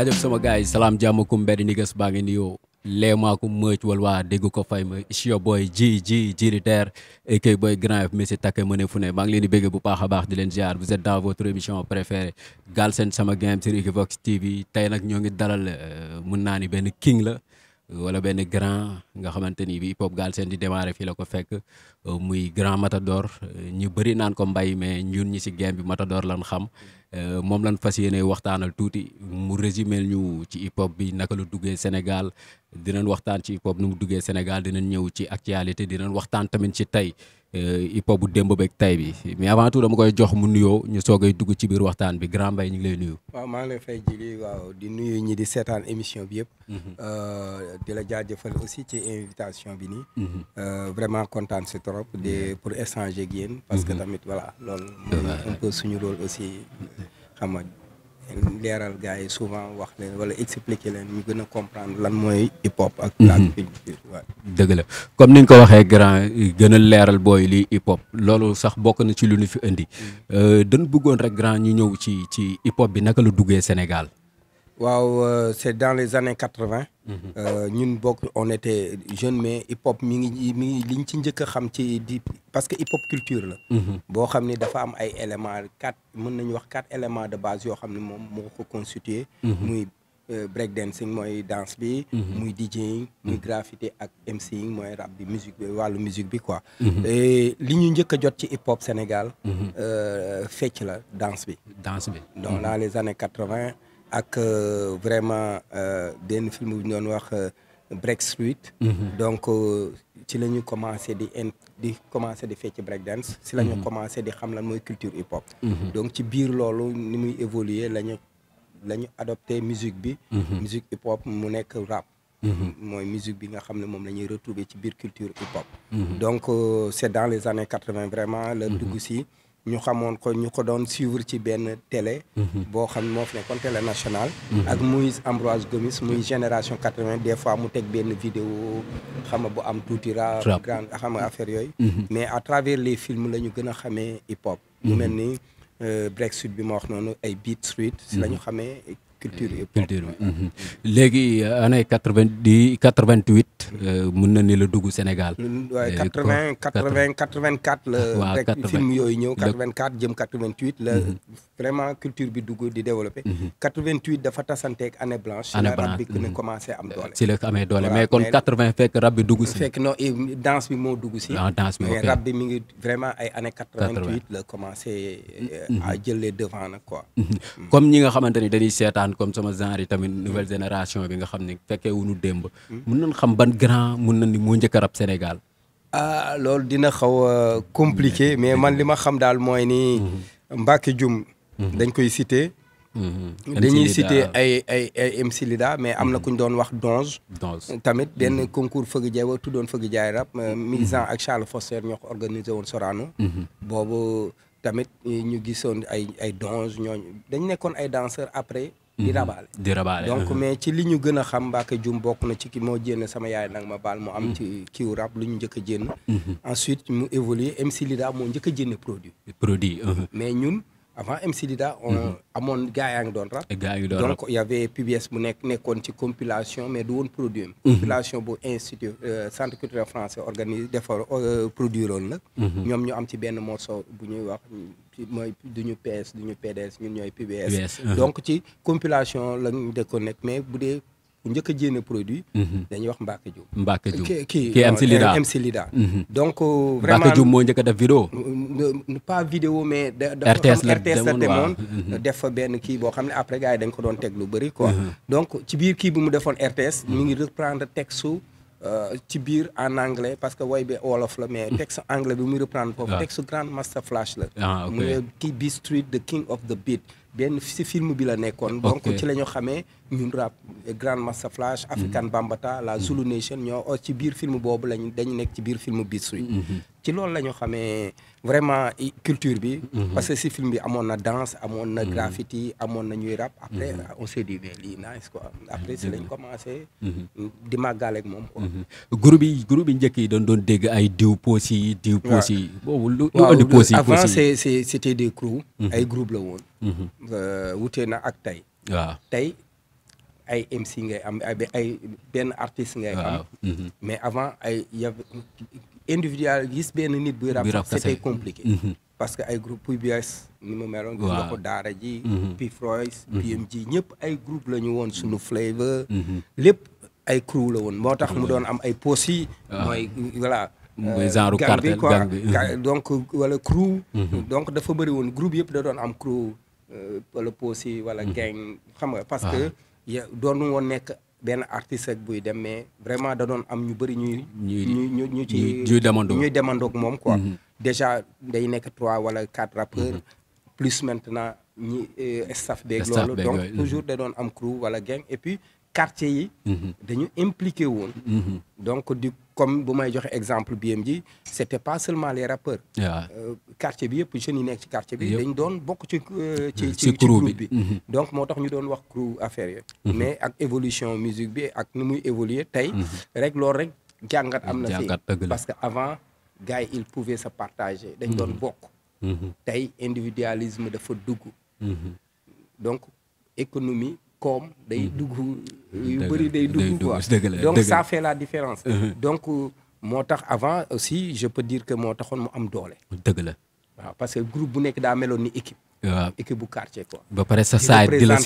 jaajëf sama gars yi salaam jàmm kum mbedd niggas baa ngi nuyoo léemaa ko mëcc wala waa dégg ko fay ma it's your boy ji ji jiri terre et que boy grand F monsieur Takke mëne fu ne maa ngi leen di bégg bu baax a baax di leen ziar vous êtes dans votre émission préférée Galsen Sama Game sur Equivox TV tey nag ñoo ngi dalal euh, mun naa ni benn king la wala benn grand nga xamante ni bi hip hop seen di démarrer fii la ko fekk euh, muy grand Matador ñu bëri naan ko mbay mais ñun ñi si game bi Matador lan xam. Euh, moom lan fas yéene waxtaanal tuuti mu résumé ñu ci hip hop bi naka la duggee Sénégal dinañ waxtaan ci hip hop nu mu duggee Sénégal dinañ ñëw ci actualité dinañ waxtaan tamit ci tey euh, hip hop bu démb beeg tey bi mais avant tout dama koy jox mu nuyoo ñu soogay dugg ci biir waxtaan bi Grand Mbaye ñu ngi lay nuyu. waaw maa ngi fay waaw di nuyu ñi di seetaan émission bi yëpp. Mhm. Euh, di la jaajëfal aussi ci invitation bi nii. Mhm. vraiment kontaan si trop de pour échanger ak yéen. parce que mhm. tamit voilà suñu rôle aussi. ama leeral gars yi souvent wax leen wala expliquer leen ñu gën a comprendre lan mooy hip ak lan mhm. culture dëgg la comme ni nga ko waxee grand gën a leeral booy lii hip hop loolu sax bokk na ci lu ñu fi indi mhm. euh, dañ bëggoon rek grand ñu ñëw ci ci hip bi naka la duggee Sénégal waaw euh, c' dans les années quatre vingt. Mhm. Euh, ñun bokk on était jeune mais hip hop mi ngi mi ngi liñ ci njëkk a xam ci di parce que hip hop culture la. Mhm. boo xam ni dafa am ay éléments quatre mën nañu wax quatre éléments de base yoo xam ne moom moo ko constitué. Mhm. muy euh, break dancing mooy dance bi. muy DJing muy graffiti ak MCing mooy rap bi musique bi wàllu musique bi quoi. li ñu njëkk a jot ci hip hop Sénégal. fecc la danse bi. danse bi donc dans les années quatre vingt. ak euh, vraiment euh, benn film bu ñu doon wax euh, Breakstreet mhm. donc ci la ñu commencé di in di commencé di fecc break dance si la ñu mhm. commencé di xam lan mooy culture hip hop mhm. donc ci biir loolu ni muy évoluer la ñu la ñu adopté musique bi musique hip hop mu nekk rap mooy musique bi nga xam ne moom la ñuy retrouver ci biir culture hip hop donc c'est dans les années quatre-vingt vraiment la dugg si ñu xamoon ko ñu ko doon suivre ci benn télé. Mhm. boo xam moo fi nekkoon télé nationale. Mhm. ak Moïse Ambroise Gomis muy génération quatre vingt des fois mu teg benn vidéo xam nga bu am tuuti ra. grande xam nga affaire yooyu. Mhm. mais à travers les films la ñu gën a xamee hip hop. mu mel ni euh, Break Street bi ma wax noonu ay Beat Street. si la ñu xamee culture yëpp culture bi. Mhm. léegi euh, année quatre quatre vingt huit euh, mën na la dugg Sénégal. waaye euh, quatre vingt quatre vingt quatre vingt quatre la. waaw rek film yooyu ñëw quatre vingt quatre jëm quatre vingt huit la. Mhm. vraiment culture bi dugg di développé. Mhm. quatre vingt huit dafa tasanteeg année blanche. a commencé si la amee doole mais kon quatre vingt fekk rab dugg si. fekk bi moo dugg si. Ah, mais rab mi ngi vraiment ay année quatre vingt huit la commencé. à jël les devant nag mm. comme ñi nga xamante ni seetaan. seetaan comme sama genre yi tamit mm-hmm. nouvelle génération bi nga xam ne fekkee wuñu démb. Mm-hmm. mun nañ xam ban grand mun nañ ni moo njëkk a rap Sénégal. ah loolu dina xaw a compliqué mm-hmm. mais man li ma xam daal mooy ni. Mbacke Dioum. dañ koy cité. dañuy cité ay ay ay MC mais am na ku ñu doon wax Donge. tamit benn concours Fëgg Jaay wa doon Fëgg Jaay rap. Euh, Milisan ak Charles Foster ñoo ko organisé woon Sorano. boobu tamit ñu gisoon ay ay Donge ñooñu dañ nekkoon ay danseurs après di mhm. rabaale di rabaale donc mhm. mais ci li ñu gën a xam Mbacké Dioum bokk na ci ki moo jénn sama yaay nag ma baal mu am mhm. ci kiw rab lu ñu njëkk a jénn mu évoluer MC moo njëkk a jénne produit produit mais ñun avant MC amoon gaa doon rab gaa yaa PBS bu nekk nekkoon ci compilation mais du woon produit am compilation bu institut euh, centre culturel français organisé defar euh, produit roon la ñoom ñu am ci benn morceau bu ñuy wax mooy duñu PS duñu PDS ñun ñooy PBS uh-huh. donc ci compilation lañ déconnecté mais bu dee bu njëkk a jéene produit uh-huh. dañuy wax Mbacke Diouf Mbacke Diouf kii kii MC Lida euh, MC Lida uh-huh. donc euh, a def vidéo euh, pas vidéo mais RTS la demoon def fa benn kii boo xam ne après gars yi dañ ko doon teg lu bëri quoi donc ci biir kii bi mu defoon RTS mi ngi reprendre texte Euh, ci biir en anglais parce que woy bi wolof la mais hmm. texte anglais bi muy reprendre foofu ah. texte Grand Master Flash la ah, mu kii bi Street the King of the Beat benn si film bi la nekkoon donc ci la ñu xamee ñun rap Grand Master Flash mhm. African Bambata la mhm. Zulu Nation ñoo oo oh, ci biir film boobu lañ dañu nekk ci biir film bi suy mhm. ci loolu la ñu xamee vraiment culture bi parce que si film bi amoon na danse amoon na graffiti amoon na ñuy rap après on s'est dit mais lii nice quoi après si lañ commencé di màggaale moom group yi groupe yi njëkk yi doon doon dégg ay diw poos yi diw poos boobu lu andi poos yi avant c'est c'est c'était des crew ay group la woon euh, wutee na ak tey waaw tey ay MC ngay am ay benn artiste ngay am mhm. mais avant ay yav gis benn nit buy rap c'était compliqué mhm. parce que ay group PBS ni mu meloon gis nga ko daara ji mhm. P Froiss PMG ñëpp ay groupe la ñu woon suñu flavor lépp ay crew la woon moo tax mu doon am ay poos yi mooy voilà euh, genre cartel gang donc wala crew donc dafa bëri woon groupe yëpp da doon am crew euh, wala poos yi wala gang xam nga parce que ya doonu woon nekk benn artiste ak buy dem mais vraiment da doon am ñu bëri ñuy. ñuy ñu ñu ci ñuy demandoo ñuy demandoo moom ko mm-hmm. déjà day nekk trois wala quatre rappeurs. Mm-hmm. plus maintenant ñi euh, staff beeg. loolu donc mm-hmm. toujours da doon am crew wala gang et puis. quartier yi mhm. dañu impliqué woon mhm. donc du comme bu may joxe exemple BM ji c' était pas seulement les rappeurs euh, quartier bi yëpp jeunes nekk ci quartier bi dañ doon bokk ci euh, mm-hmm. ci ci groupe bi mm-hmm. donc moo tax ñu doon wax crew affaire yi mm-hmm. mais ak évolution musique bi ak nu muy évoluer tey rek loolu rek jàngat am na fi parce que avant gars yi ils pouvaient se partager dañ doon bokk tey individualisme dafa dugg donc économie koom day mm-hmm. dugg mm-hmm. yu bëri day dugg quoi donc ça fait la différence mm-hmm. donc euh, moo tax avant aussi je peut dire que moo taxoon mu am doole dëgg la parce que groupe bu nekk daa meloon ni équipe waaw équipe bu quartier quoi ba pare sa saayit di la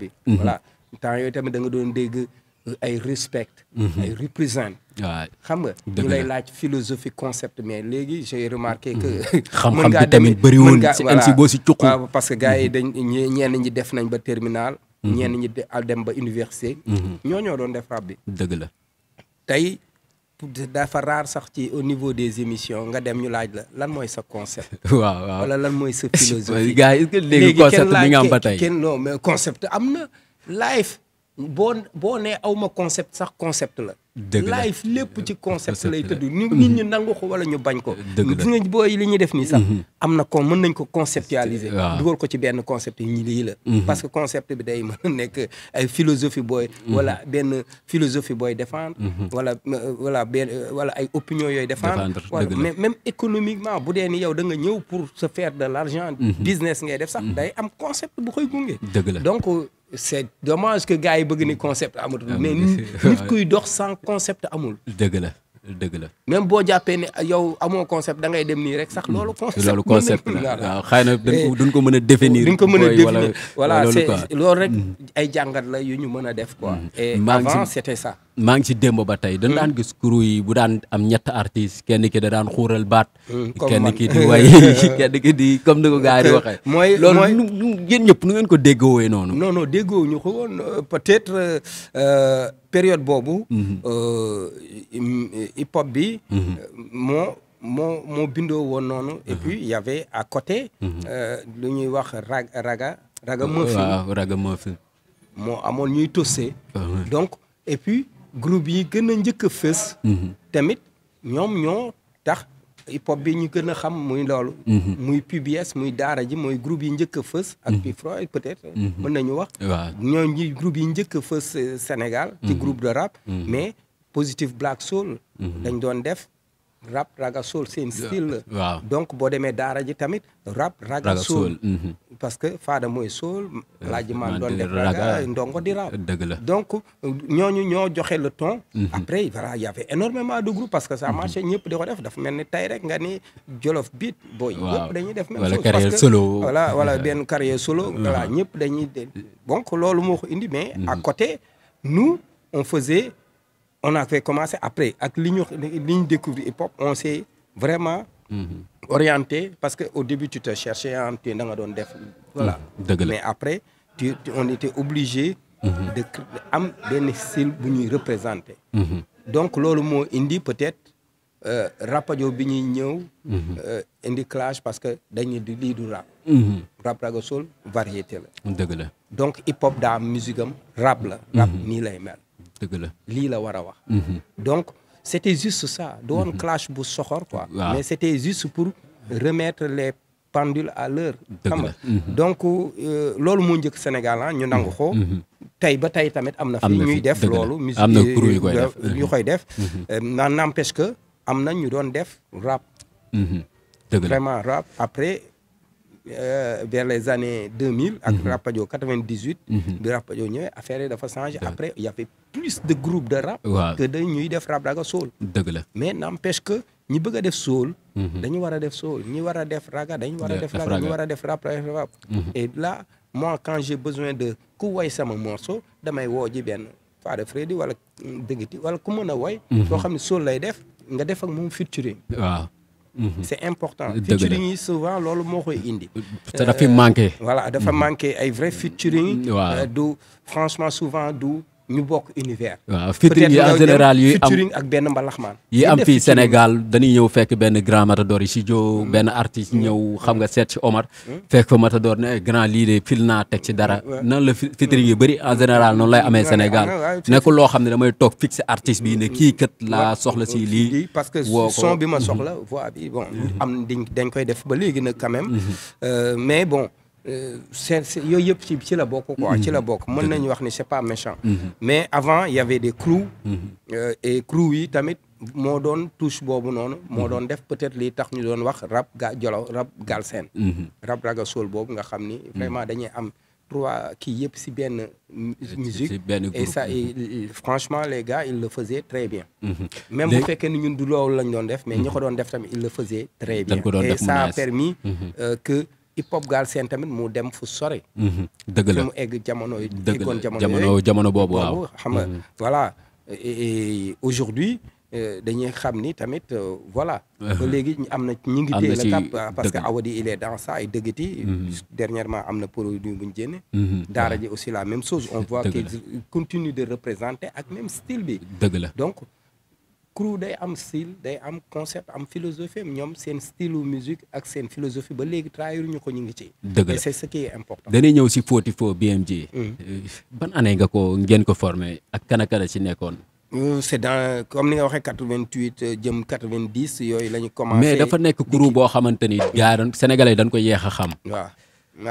bi voilà temps yooyu tamit danga doon dégg euh, ay respect ay représente waaw xam nga ñu lay laaj philosophie concept mais léegi j'ai remarqué que mën ngaa demee bëri woon si boo si cuq parce que gars yi dañ ñenn ñi def nañ ba terminal Mhm. ñenn ñi dem ba université. Mhm. ñoo ñoo doon def rap bi. dëgg la tey dafa raar sax ci au niveau des émissions nga dem ñu laaj la lan mooy sa concept. waaw waaw wala lan mooy sa philosophie. gars léegi concept mi nga am tey léegi kenn mais concept am na life. boo boo nee aw ma concept sax concept la. dëgg la life lépp ci concept lay tëdd. Mhm. nit ñi nangu ko wala ñu bañ ko. dëgg la gis nga booy li ñuy def nii sax. Mhm. am na ko mën nañ ko conceptualiser. dugal ko ci benn concept yi lii la. Mhm. parce que concept bi day mën nekk ay philosophie booy. wala benn philosophie booy défendre. wala wala benn wala ay opinion yooy défendre. wala mais même économiquement bu dee ni yow da nga ñëw pour se faire de l' argent. business ngay def sax day am concept bu koy gunge. la c'est dommage que gars yi bëgg ni mm. concept amatul. Ah, mais nit kuy dox sans concept amul. dëgg la dëgg la. même boo jàppee ne yow amoo concept da ngay dem nii rek sax loolu. Mm. concept loolu concept ah, xëy na duñ ko duñ ko mën a définir. duñ ko mën a définir voilà c'est loolu rek mm. ay jàngat la yu ñu mën a def quoi. et avant c'était ça. maa ngi ci démb ba tey dañ daan gis crew yi bu daan am ñett artiste kenn ki da daan xuural baat hmm, kenn ki di way kenn ki di comme ni ko gars yi waxee mooy loolu nu yéen ñëpp nu ngeen ko déggoowee noonu non non déggoo ñu ko woon euh, peut-être euh, période boobu mm-hmm. euh, hip hop bi mm-hmm. moo moo bindoo woon noonu et mm-hmm. puis y avait à côté lu ñuy wax rag raga raga meuf raga meuf moo amoon ñuy tossé ah donc et puis groupe yi gën a njëkk a fës. Mhm. tamit ñoom ñoo tax hip hop bi ñu gën a xam muy loolu. Mhm. muy PBS muy Daara ji mooy groupe yi njëkk a fës. ak mhm. Pif Roy peut-être. mën nañu wax. waaw ñooñu ñuy groupe yi njëkk a fës euh, Sénégal. ci groupe de rap. mais Positive Black Soul. dañ doon def. rab raga soul seen style waaw donc boo demee daara ji tamit rab raga soul mhm. parce que faada mooy soul laaji maan doon def raga ndongo di rab dëgg la donc ñooñu ñoo joxe le ton mhm. après voilà y avait énormément de groupes parce que ça mhm. marché ñëpp di ko def dafa mel ni tey rek nga ni Jolof beat booy ñëpp dañuy def même chose parce que solo wala voilà benn carrière solo voilà ñëpp dañuy donc loolu moo ko indi mais à côté nous on faisait on a fait commencer après ak li ñu li ñu découvrir hip hop on s'est vraiment mhm. orienté parce que au début tu te cherchais en te da nga doon def voilà mhm. dëgg la mais après tu on était obligé mhm. de am benn style bu ñuy représenter donc loolu moo indi peut-être euh, rapajo bi ñuy ñëw euh, indi clash parce que dañuy di lii du rap rap raga sol variété la dëgg la donc hip hop daa musique rap la rap nii lay mel dëgg la lii la war a wax. Mhm. donc c' était juste ça. du woon mhm. clash bu soxor quoi. mais c' était juste pour remettre les pendules à l'heure xam mhm. donc euh, loolu moo njëkk Sénégal ah, ñu nangu ko. tey ba tey tamit am na fi ñuy def loolu. am na kuréel yu koy def na koy def. Euh, que am na ñu doon def rap. dëgg la euh, vers les années 2000. ak mhm. Rapadio 98. Mhm. bi Rapadio ñëwee affaire yi dafa changé. après il y avait plus de groupes de rap. waaw que dañ ñuy def rap raga soul. dëgg la mais n'empêche que ñi bëgg a def soul. Mhm. dañu war a def soul ñu war a def raga dañu war a def raga ñi war a def rap rap. et là moi quand j'ai besoin de ku woy sama morceau damay woo ji benn Fada Freddy wala Dëggiti wala ku mën a woy. soo xam ne sool lay def nga def ak moom featuring. waaw. Mm-hmm. c'est important featuring yi souvent loolu moo koy indi. Euh, te dafa manqué. Euh, voilà dafa mm-hmm. manqué ay vrai featuring. waaw euh, du franchement souvent du. ñu bokk univers. waaw featuring yi en général yuy am featuring ak benn mbalaxmaan. yi am fii Sénégal dañuy ñëw fekk benn grand matador yi si joo benn artiste hmm. ñëw xam nga hmm. seet si Omar. Hmm. fekk fa matador ne eh, grand lii de fil naa teg ci dara. nan la featuring yu bëri en général noonu lay amee Sénégal nekkul loo xam ne damay toog fixé artiste bi ne kii kat laa soxla si lii. parce que son bi ma soxla voix bi bon am dañ koy def ba léegi nag quand Euh, c'est yooyu yëpp ci ci la bokk quoi mm-hmm. la bokk mën nañu wax ni c'est pas méchant mm-hmm. mais avant il y avait des crews mm-hmm. euh, et crews yi tamit moo doon touche boobu noonu moo doon def peut-être li tax ñu doon wax rab ga rab rap galsen rap raga sol boobu nga xam ni vraiment dañuy am trois kii yëpp si benn musique et ça franchement les gars ils fase faisaient très bien même bu fekkee ni ñun du loolu lañ doon def mais ñi ko doon def tamit ils le faisaient très bien et ça a permis euh, que hip hop Galsen tamit mu dem fu sori. Mhm. dëgg la mu egg jamono yi. dëgg la jamono boobu waaw xam nga mhm. voilà et aujourd'hui euh, dañuy xam ni tamit euh, voilà. ba mhm. léegi am na ñu ngi téye ah, la cap parce que Awadi il est dans ça et dëggati. dernièrement am na produit bu ñu daara ji aussi la même chose on voit qu'il continue de représenter ak même style bi. dëgg la crew day am style day am concept am philosophie am ñoom seen style musique ak seen philosophie ba léegi trahir ñu ko ñu ngi ci. dëgg la c'est important. dañuy ñëw si 44 BMG. ban année nga ko ngeen ko formé ak kan si kan ci nekkoon. Euh, c'est dans comme ni nga waxee 88 euh, jëm 90 yooyu la ñu. commencé mais dafa nekk crew boo xamante ni. gaa doon sénégalais dañ ko yéex a xam. waaw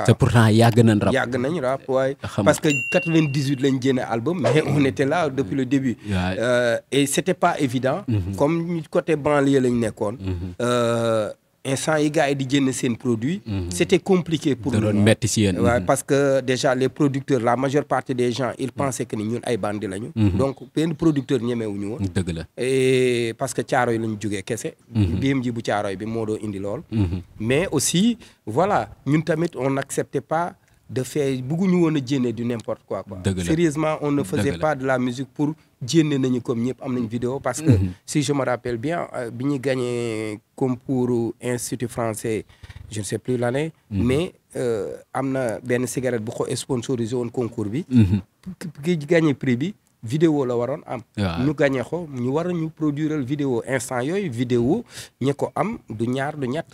pour pourtant yàgg nañ rap yàgg nañ rap waaye. parce que 98 lañ génne album. mais ah. on était là depuis le début. Euh, et c'était pas évident. Mm-hmm. comme ñu côté banlieue lañ nekkoon. Mm-hmm. Euh, instant yi gars yi di jënd seen produit mhm. c' était pour nous metti si yéen mhm. parce que déjà les producteurs la majeure partie des gens ils pensaient que ñun ay bandi la mhm. donc benn producteur ñemewuñu woon dëgg la parce que caaro yi la ñu kese biim ji bu caaro yi bi moo doo indi lool mais aussi voilà ñun tamit on n'acceptait pas de fait bëgguñu woon a jénne du n'importe quoi quoi sérieusement on ne faisait pas de la musique pour jénne nañu comme ñëpp am nañ vidéo parce que mhm. si je me rappelle bien euh, bi ñu gagné concours institut français je ne sais plus l'année mhm. mais euh, am na benn cigarette bu ko sponsorisé woon concours bi mhm. ki gagné prix bi vidéo la waroon am ñu gagné ko ñu war ñu produire vidéo instant yooyu vidéo ñu ko am du ñaar du ñett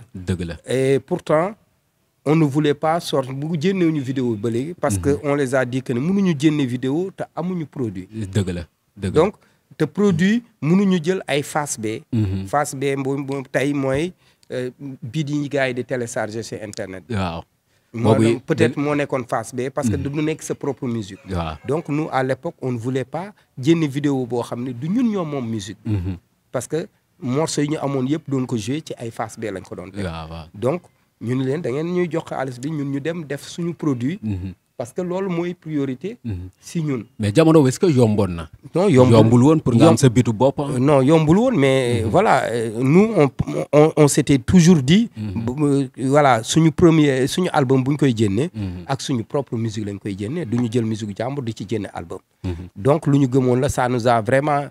on ne voulait pas sortir bu jénnewuñu vidéo ba léegi parce mhm. on les a dit que ne mënuñu jénne vidéo te amuñu produit dëgg la dëgg donc te produit mënuñu jël ay face B mhm. face B boobu tey mooy euh, biid yi gars yi di télécharger sur internet waaw boobu peut-être moo nekkoon face B parce que mhm. du nekk sa propre musique waaw donc nous à l'époque on ne voulait pas jénne vidéo boo xam ne du ñun ñoom moom musique parce que morceau yi ñu amoon yëpp doon ko jouer ci ay face B lañ ko doon teg donc ñu ni leen da ngeen ñuy jox xaalis bi ñun ñu dem def suñu produit. Mhm. parce que loolu mooy priorité. Mhm. si ñun. mais jamono est-ce que yomboon na. non yombul woon pour nga sa bitu bopp. Euh, no yombul woon mais mhm. voilà euh, nous on on on s'était toujours dit. suñu premier suñu album bu ñu koy génnee. ak suñu propre musique lañ koy génnee du ñu jël musique jàmbur du ci génne album. donc lu ñu gëmoon la ça nous a vraiment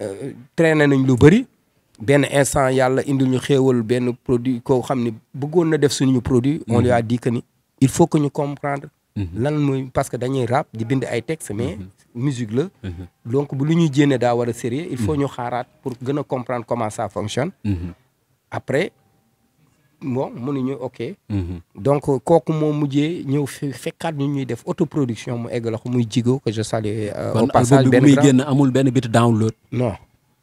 euh, traîné nañ lu bëri. benn instant yàlla indil ñu xéewal benn produit koo xam ne bëggoon na def suñu produit. on lui a dit ni il faut que ñu comprendre. Mhm. lan mooy parce que dañuy rap di bind ay texte mais mhm. musique la. Mhm. donc bu lu ñuy jénne daa war a sérieux il faut ñu xaaraat pour gën a comprendre comment ça fonctionne. après bon mënuñu ok. donc kooku moo mujjee ñëw fekkaat ñu ñuy def production mu egg la ko muy jigo que je salue. yi euh, passage benn amul benn bit download non.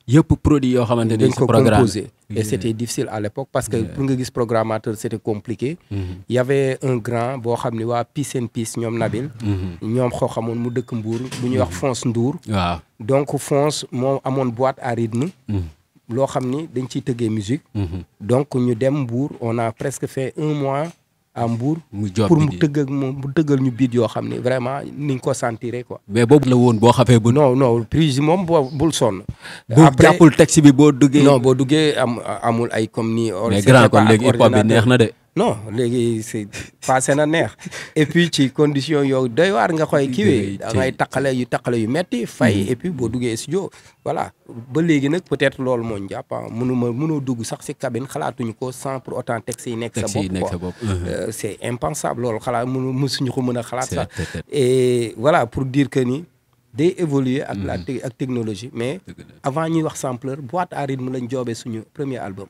yëpp produit yoo xamante ni dañ ko composé et c' était à l' parce que pour nga gis programmateur c' compliqué mm-hmm. y un grand boo xam ni waa Peace and Peace ñoom Nabil mm-hmm. ñoom xoo mu dëkk Mbour bu ñuy wax mm-hmm. Fonce Ndour waaw donc Fonce moom amoon boîte à rythme loo xam ni dañ ciy tëggee musique donc ñu dem Mbour on a presque fait un mois à Mbour. mu job pour mu tëgg moom mu tëggal ñu biit yoo xam ne vraiment ni ñu ko sentiré ko mais boobu la woon boo xafee bu non non prise yi moom boo bul sonn. après bu jàppul taxi bi boo duggee. non boo duggee am amul ay comme ni. mais grand comme léegi hip hop neex na de. non léegi c'est passé na neex et puis ci condition yow doy waar nga koy kiwee da ngay taqale yu taqale yu metti fay mm. et puis boo duggee studio voilà ba léegi nag peut-être loolu moo ñu jàpp ah, mënuma mënoo dugg sax si cabine xalaatuñu ko sans pour autant texte yi nekk sa bopp quoi uh-huh. euh, c'est impensable loolu xalaat mënu mësuñu ko mën a xalaat sax voilà pour dire que ni de évoluer ak la mm-hmm. ak technologie mais avant ñuy wax sampleur boîte à rythme lañ joobee suñu premier album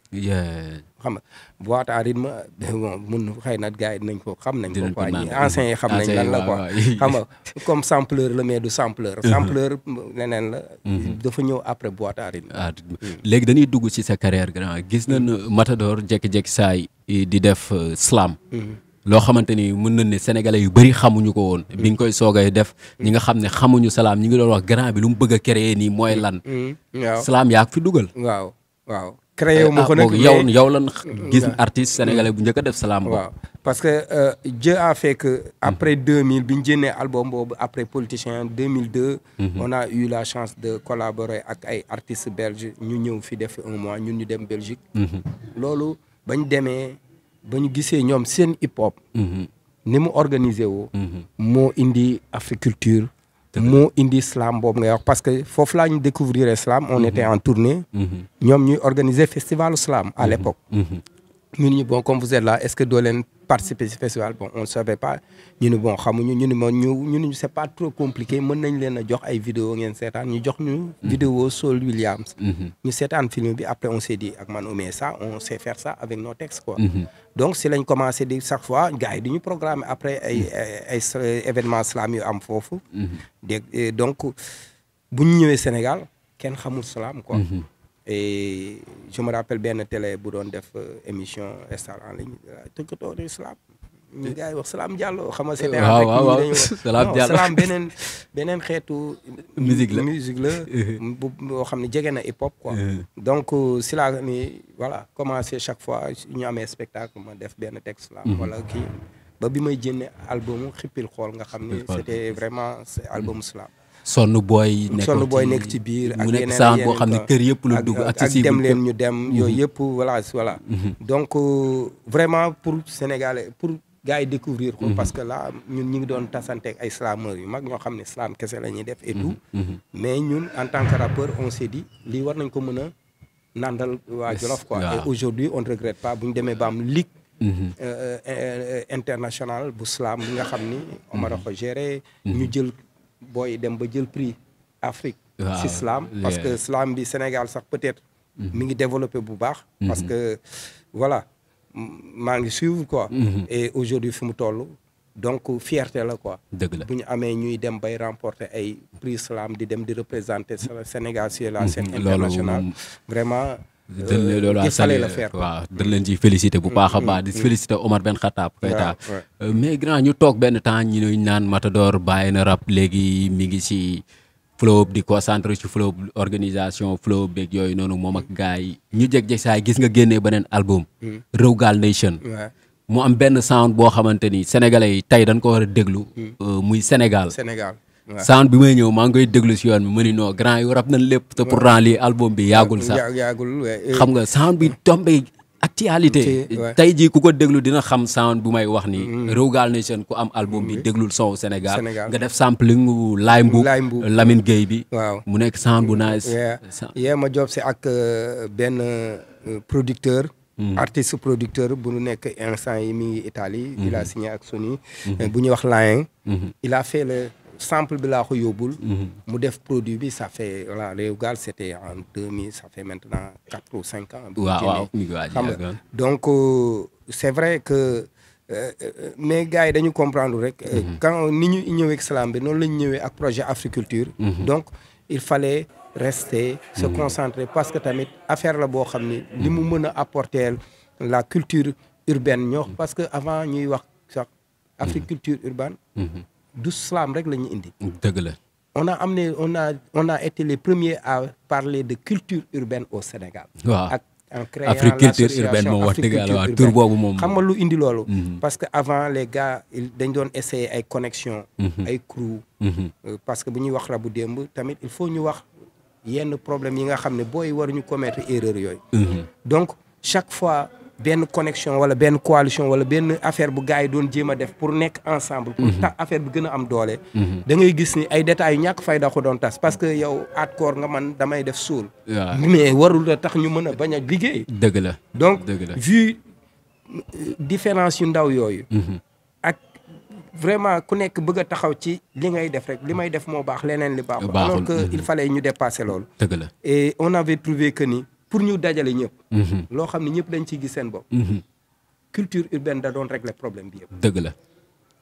xam nga boîte à rythme bon mun xëy na gars yi nañ ko xam nañ ko quoi ñi anciens yi xam nañ lan la quoi xam nga comme sampleur la mais du sampleur mm-hmm. sampleur leneen la mm-hmm. dafa ñëw après boîte à rythme mm. léegi dañuy dugg ci sa carrière grand gis nañ mm. Matador jékki-jékki saay di def euh, slam loo xamante ni mën na ne sénégalais yu bëri xamuñu ko woon mm. bi nga koy soogay def ñi nga xam ne mm. xamuñu salaam ñi ngi doon wax grand bi lu mu bëgg a créer nii mooy mm. lan waaw salaam yaa fi dugal waaw waaw créé wu ma eh, ko ah, nag yow yow lan gis artiste sénégalais bu njëkk def salaam waaw parce que euh, Dieu a fait que après 2000 bi ñu génnee album boobu après politicien 2002 mm-hmm. on a eu la chance de collaborer ak ay artistes belges ñu ñëw fi def un mois ñun ñu dem Belgique mm-hmm. loolu bañ demee ba ñu gisee ñoom seen hip mhm. ni mu organisé wo mhm. moo indi africulture. moo indi slam boobu ngay wax parce que foofu laa ñu découvrir slam on mhm. était en tournée. ñoom ñuy organiser festival slam à l' époque. ñu bon comme vous est ce que doo leen participer ci festival bon on ne savait pas ñu bon xamuñu ñu ne ma ñu ñu ne c'est pas trop compliqué mën nañ leen a jox ay vidéo ngeen seetaan ñu jox ñu. Mhm. vidéo Saul Williams. Mhm. ñu seetaan film bi après on s'est dit ak ah, man oh, mais ça on sait faire ça avec nos textes quoi. Mhm. donc si lañ commencé di chaque fois gars yi du ñu programmer après ay ay ay yu am foofu. dégg donc bu ñu ñëwee Sénégal kenn xamul salaam quoi. et je me rappelle benn télé bu doon def euh, émission star en ligne tëkkatoo de Salam. ñu gars yi xam nga c'était waaw beneen beneen xeetu. musique xam ne jege na hip hop quoi. Euh. donc euh, si laa ni voilà commencé chaque fois ñu amee spectacle ma def benn texte la. wala mhm. kii ba bi may jënne albumu xippil xool nga xam ni. c'était vraiment album Salam. sonn booy. nekk ci biir ak yeneen ak yeneen boo xam ne kër yëpp la dugg. ak dem leen ñu dem mhm. yooyu yëpp voilà voilà. Mhm. donc euh, vraiment pour sénégalais pour gars yi découvrir ko. Mhm. parce que là ñun ñu ngi doon tasanteeg ay slameurs yu mag ñoo xam ne slam kese la ñuy def et tout. mais ñun en tant que rappeur on s'est dit lii war nañ ko mën a nandal waa Jolof ko et aujourd'hui on ne regrette pas bu ñu demee ba am euh, euh, international internationale bu slam bi nga xam ni. Omar a ñu jël. booy dem ba jël prix Afrique ci slam parce que slam bi Sénégal sax peut-être mhm. mi ngi développé bu baax mhm. parce que voilà maa ngi suivre quoi mhm. et aujourd'hui fi mu toll donc fierté la quoi dëgg la bu ñu amee ñuy dem bay remporter ay prix slam di dem di représenter Sénégal sur la scène internationale vraiment Euh, dañ la loolu waaw dañ leen ciy félicité bu baax a mm-hmm. baax di félicité Omar benn Khattab mm-hmm. Keita euh, mais grand ñu toog benn temps ñu ne naan Matador bàyyi na rab léegi mi ngi si flow di concentré ci flow organisation flow beeg yooyu noonu moom ak gars yi ñu jeg-jeg saay gis nga génnee beneen album mm-hmm. Rewgal Nation mu am benn sound boo xamante ni sénégalais yi tey dañ ko war a déglu euh, muy Sénégal Sénégal sound bi may ñëw maa ngi koy déglu si yoon bi ma ni non grand yu rap nañ lépp te pourtant lii album bi yaagul sax xam nga sound bi tombé actualité tey jii ku ko déglu dina xam sound bu may wax ni nii mm-hmm. Rougane seen ku am album bi mm-hmm. déglul son Sénégal nga def sampling Laye bu lamin Gueye bi waaw mu nekk sound bu nice yee ma job si ak euh, benn euh, producteur mm. artiste producteur bu nekk instant yi mi ngi itali il a mm-hmm. signé ak Sony bu ñuy wax Laye sample bi laa ko yóbbul. Mhm. mu def produit bi sa fait voilà Réugal c' était en deux mille ça fait maintenant quatre ou cinq ans. waaw donc euh, est vrai que euh, euh gars yi dañu comprendre rek. Euh, mhm. quand ni ñu ñëwee ak noonu la ñëwee ak projet Africulture. Mhm. donc il fallait rester. se concentrer parce que tamit affaire la boo xam ni. li mu mën a apporter la culture urbaine ñoo parce que avant ñuy wax sax. Africulture urbaine. du slam rek la ñu indi. dëgg la. on a amené on a on a été les premiers à parler de culture urbaine au Sénégal. waaw ak en créant l'africulture urbaine moom wax dëgg yàlla waaw tur boobu moom. xam nga lu indi loolu. Mhm. parce que avant les gars dañ doon essayer ay mhm. ay crew. Mhm. Euh, parce que bu ñuy wax rabu démb tamit il faut ñu wax yenn problème yi nga xam ne booy waruñu commettre erreur yooyu. donc chaque fois. benn connexion wala benn coalition wala benn affaire bu gars yi doon jéem a def pour nekk ensemble. pour mhm. tax affaire bi gën a am doole. Mhm. da ngay gis ni ay détails yu ñàkk fay da ko doon tas parce que yow aat koor nga man damay def suul. mais warul la tax ñu mën a bañ a liggéey. dëgg la donc vu euh, différence yu ndaw yooyu. Mhm. ak vraiment ku nekk bëgg a taxaw ci li ngay def rek li may def moo baax leneen li baaxul. alors que il fallait ñu dépasser loolu. dëgg la et on avait trouvé que ni. pour ñu dajale ñëpp. Mhm. loo xam ne ñëpp dañ ciy gis seen bopp. Mhm. culture urbaine da doon régler problème bi yëpp. dëgg la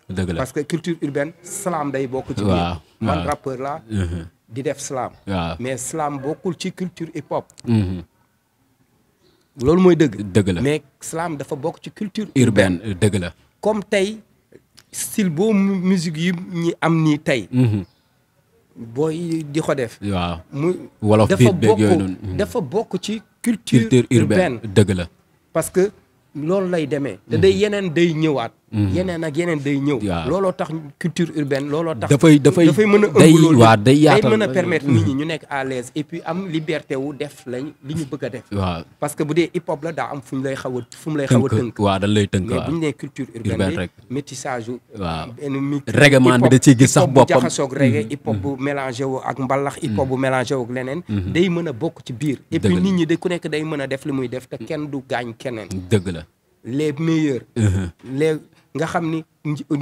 dëgg la parce que culture urbaine salaam day bokk. ci biir man rappeur la mhm. di def salaam mais salaam bokkul ci culture hip hop. loolu mooy dëgg. dëgg la mais slam dafa bokk ci culture. urbaine dëgg la. comme tey style boo musique yi ñi am nii tey. booy di ko def. waaw wolof biit beeg yooyu noonu hmm. dafa bokk ci culture urbaine dëgg la. parce que loolu lay demee. te day hmm. yeneen day ñëwaat. Mm-hmm. yeneen ak yeneen day ñëw. looloo tax culture urbaine looloo tax. dafay dafay dafay mën a ëmb loolu day yaatal mën a permettre nit ñi mm-hmm. ñu nekk à l'aise et puis am liberté wu def lañ li bëgg a def. waaw parce que bu dee hip hop la daa am fu ñu lay xaw a mu lay xaw a tënk. waaw dal lay tënk waaw mais bu ñu nee culture urbaine rek métissage. waaw règlement bi da ciy gis sax boppam hip hop bu jaxasoog reggae mm-hmm. hip mélangé wu ak mbalax. hip hop bu mélangé wu leneen. day mën a bokk ci biir. et puis nit ñi de ku nekk day mën a def li muy def te kenn du gaañ keneen. dëgg la les meilleurs les nga xam ni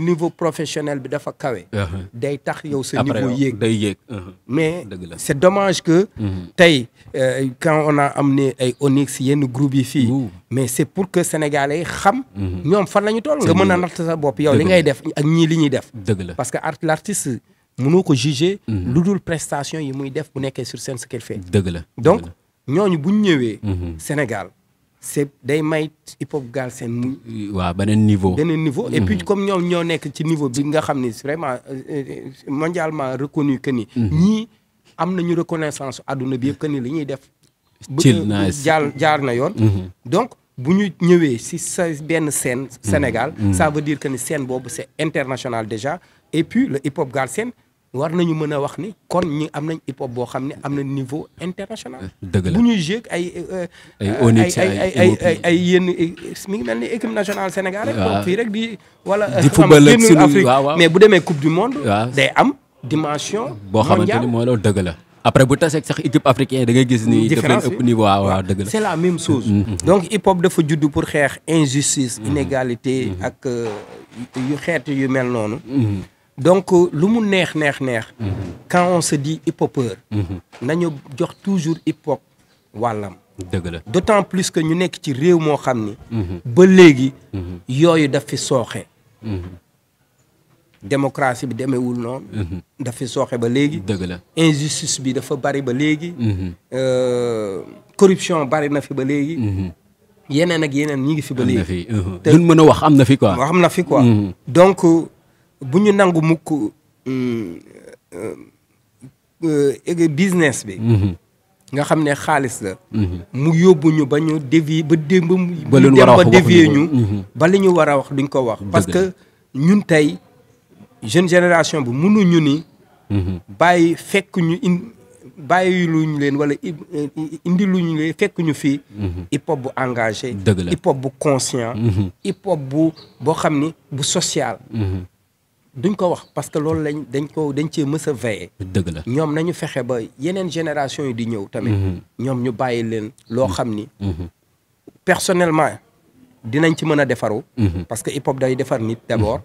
niveau professionnel bi dafa kawe. Uh-huh. day tax yow sa niveau yéeg day yéeg. Uh-huh. mais c'est dommage que. Mm-hmm. tey euh, quand on am amené ay Onyx yenn groupe yi fii. mais c'est pour que sénégalais xam. Mm-hmm. ñoom fan la ñu toll nga mën a natt sa bopp yow li ngay def ak ñii li ñuy def. dëgg la parce que art l'artiste mënoo ko juger. Mm-hmm. lu dul prestation yi muy def bu nekkee sur scène ce qu'elle dëgg la donc ñooñu bu ñu ñëwee. Sénégal. c'est day may hip hop Galsen mu. waaw beneen niveau. beneen niveau et puis mhm. comme ñoom ñoo nekk ci niveau bi nga xam ni vraiment euh, euh, mondialement reconnu que ni. Mhm. ñii am nañu reconnaissance àdduna bi yëpp que ni li ñuy def. ci jaar jaar na yoon. Mhm. donc bu ñu ñëwee si sa benn scène. Sénégal ça veut dire que ni scène boobu c'est international déjà et puis la hip hop Galsen. war nañu mën a wax ni kon ñi am nañ hip hop boo xam ne am na niveau international. dëgg la bu ñuy jéeg euh, ay. ay ay ay ay ay yenn euh, mi ngi mel ni équipe nationale Sénégal. rek ah. di. wala di football ak suñu Afrique mais bu demee coupe du monde. Ah. am dimension. boo xamante ni mooy loolu dëgg la. après bu taseeg sax équipe africaine da ngay gis ni. différence ëpp niveau ah, waaw dëgg la. c'est la même chose. Mm-hmm. Mm-hmm. donc hip hop dafa judd pour xeex injustice. Mm-hmm. inégalité ak euh, yu xeet yu mel noonu. donc euh, lu mu neex neex neex. Mhm. quand on se dit hip-hopeur. Mhm. nañu jox toujours hip-hop wàllam. dëgg la d'autant plus que ñu nekk ci réew moo xam ni. Mhm. ba léegi. yooyu daf fi sooxe. démocratie bi demeewul noonu. daf fi sooxe ba léegi. dëgg la injustice bi dafa bari ba léegi. Euh, corruption bari na fi ba léegi. yeneen ak yeneen ñi ngi fi ba léegi. te luñ mën a wax am na fi quoi. am na fi quoi donc. Euh, bu ñu nangu mukk euh, euh, business bi. Mhm. nga xam ne xaalis la. Mhm. mu yóbbu ñu ba ñu dévier dé ba mu. dem ba dévier ñu. Mhm. ba li ñu war a wax duñ ko wax. parce que ñun tey jeune génération bi mënuñu ni. bàyyi fekk ñu in bàyyi luñu leen wala indi luñu leen fekk ñu fii. hip hop bu engagé. dëgg la hip hop bu conscient. hip hop bu boo xam ni bu social. duñ ko wax parce que loolu lañ dañ ko dañ cee mës a veillé. dëgg la ñoom nañu fexe ba yeneen génération yi di ñëw tamit. Mhm. ñoom ñu bàyyi leen loo xam ni. Mhm. Mhm. personnellement dinañ ci mën a defaru. parce que hip hop day defar nit d'abord.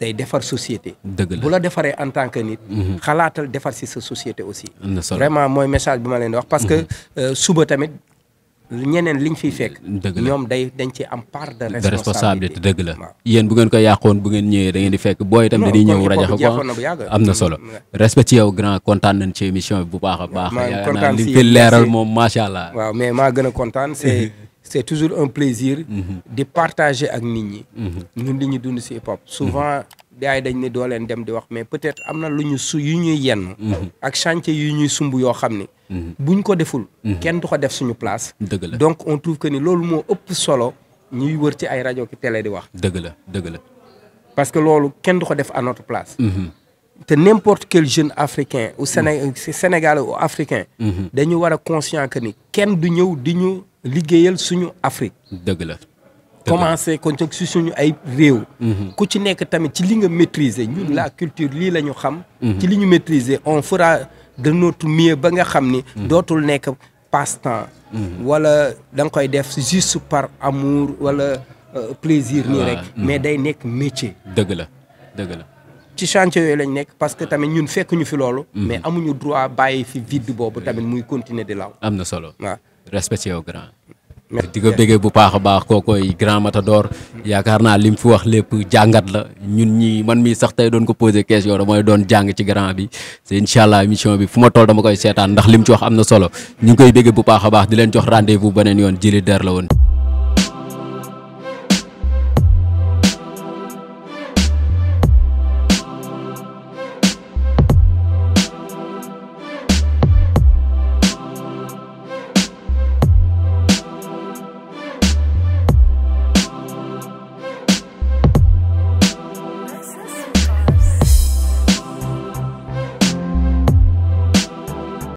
day defar société. dëgg la bu la defaree en tant que nit. xalaatal defar si sa société aussi. vraiment mooy message bi ma leen wax parce que euh, suba tamit ñeneen liñ fiy fekk. dëgg la ñoom day dañ ci am part de. responsabilité dëgg la yéen bu ngeen ko yàqoon bu ngeen ñëwee da ngeen di fekk booy itam dañuy ñëw rajo ko am na solo mm, respect ci grand kontaan nañ ci émission bu baax a baax. yaa naa li fi leeral moom macha allah. waaw mais maa gën a kontaan c'est mm-hmm. c'est toujours un plaisir. Mm-hmm. di partager ak nit ñi. Mm-hmm. ñun li ñu dund ci hip hop souvent. yaay dañ ni doo leen dem di wax mais peut-être am na lu ñu su yu ñuy yenn mm-hmm. ak chantier yu ñuy sumb yoo xam ni mm-hmm. buñ ko deful mm-hmm. kenn du ko def suñu place dëgg la donc on trouve que ni loolu moo ëpp solo ñuy wër ci ay rajo ki télé di wax dëgg la dëgg la parce que loolu kenn du ko def à notre place te n'importe quel jeune africain ou Séné euh, sénégalais ou africain dañu war a conscient que ni kenn du ñëw di ñu liggéeyal suñu Afrique dëgg la commencé kon nag si suñu ay réew. Mhm. ku ci nekk tamit ci li nga maîtriser ñun mhm. la culture lii la ñu xam. Mhm. ci li ñu maîtriser on fera de notre mieux ba nga xam ni. dootul nekk passe-temps. wala da nga koy def juste par amour wala euh, plaisir. nii rek mais day nekk métier. dëgg la dëgg la. ci chantier yooyu lañ nekk parce que tamit ñun fekk ñu fi loolu. mais amuñu droit bàyyi fi vide boobu tamit muy continuer di law. am na solo waaw respect di ko bëggee bu baax a baax kookoy grand matador yaakaar naa li mu fi wax lépp jàngat la ñun ñi man mii sax tey doon ko posé question mooy doon jàng ci grand bi te incha allah émission bi fu ma toll dama koy seetaan ndax li mu ci wax am na solo ñu ngi koy bëggee bu baax baax di leen jox rendez-vous beneen yoon jili der la woon